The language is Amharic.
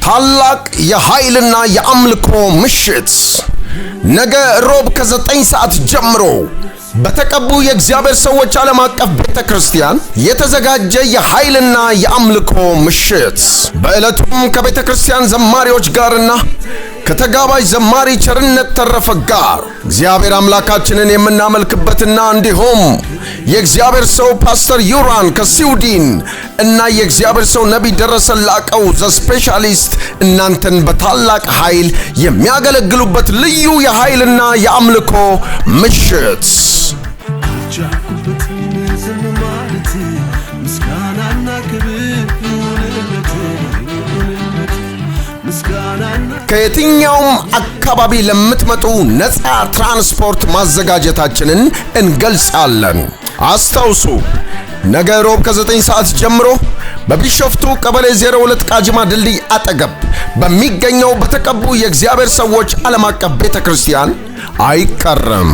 ታላቅ የኃይልና የአምልኮ ምሽት ነገ ሮብ ከዘጠኝ ሰዓት ጀምሮ በተቀቡ የእግዚአብሔር ሰዎች ዓለም አቀፍ ቤተ ክርስቲያን የተዘጋጀ የኃይልና የአምልኮ ምሽት። በዕለቱም ከቤተ ክርስቲያን ዘማሪዎች ጋርና ከተጋባዥ ዘማሪ ቸርነት ተረፈ ጋር እግዚአብሔር አምላካችንን የምናመልክበትና እንዲሁም የእግዚአብሔር ሰው ፓስተር ዩራን ከስዊድን እና የእግዚአብሔር ሰው ነቢይ ደረሰ ላቀው ዘስፔሻሊስት እናንተን በታላቅ ኃይል የሚያገለግሉበት ልዩ የኃይልና የአምልኮ ምሽት ከየትኛውም አካባቢ ለምትመጡ ነፃ ትራንስፖርት ማዘጋጀታችንን እንገልጻለን። አስታውሱ ነገ ሮብ ከ9 ሰዓት ጀምሮ በቢሾፍቱ ቀበሌ 02 ቃጂማ ድልድይ አጠገብ በሚገኘው በተቀቡ የእግዚአብሔር ሰዎች ዓለም አቀፍ ቤተ ክርስቲያን አይቀርም።